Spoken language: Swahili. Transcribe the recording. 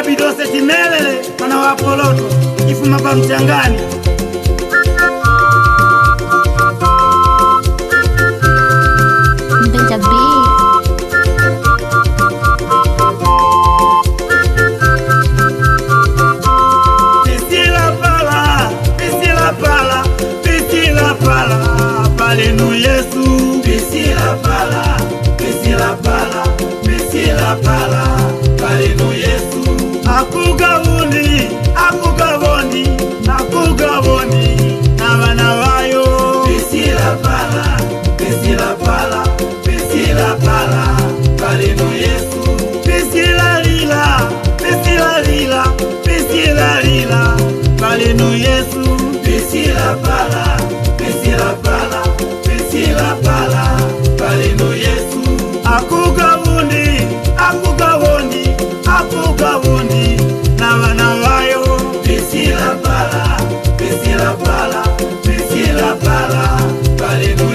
abidose timelele mwana wa Apoloto ifuma pa mchangani Bala, bala, bala, bala, pisila barabara karibu